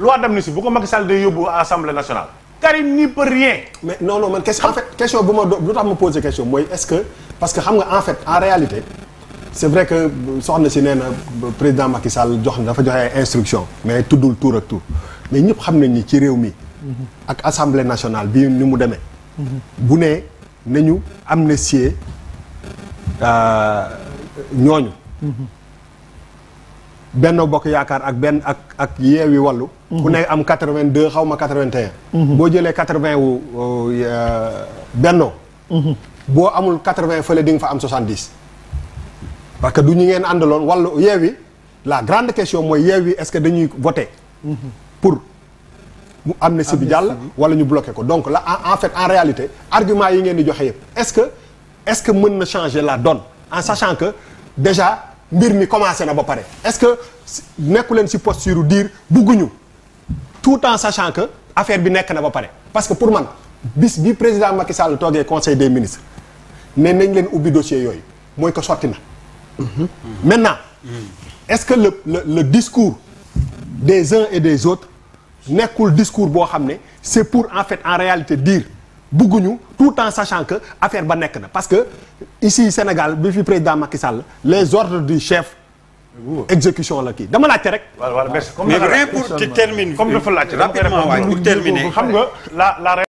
loi d'amnistie bu ko Macky Sall day yóbbu assemblée nationale. Karim n'y peut rien. mais non non man question en fait question bu ma doon lu tax ma posé question mooy est-ce que parce que xam nga en fait en réalité c'est vrai que soxna si nee na président Macky Sall jox na dafa joxe ay instructions mais tuddul tour ak tour mais ñëpp xam nañ ni ci réew mi. ak assemblée nationale bi ni mu demee. bu nee nañu amnistier euh, ñooñu. Benno Bokk Yaakaar ak benn ak ak Yewwi Wallu. ku mhm. ne am quatre vingt deux xaw ma quatre vingt et un. Mhm. boo jëlee quatre vingt wu euh, bennoo mhm. boo amul quatre vingt fële di nga fa am soixante dix. parce que du ñu ngeen àndaloon Wallu Yewwi la grande question mooy Yewwi est-ce que dañuy voter. pour mu amnistie bi jàll. wala ñu bloqué ko donc la en fait en réalité argument yi ngeen di joxe yëpp est-ce que est-ce que mën na changer la donne en sachant que déjà. mbir mi commencé na ba pare est-ce que nekku leen si posture dire bugguñu tout en sachant que affaire bi nekk na ba pare parce que pour man bis bi président Macky Sall toogee conseil des ministres ne nañ leen ubbi dossier yooyu mooy ko sotti na maintenant est-ce que le le le discours des uns et des autres nekkul discours boo xam ne c'est pour en fait en réalité dire bugguñu tout en sachant que affaire ba nekk na parce que ici Sénégal bi fi président Macky Sall les ordres du chef. exécution la kii dama laajte rek. voilà merci comme mais rien pour comme dafa laajte rapidement waaye pour terminer xam nga la la.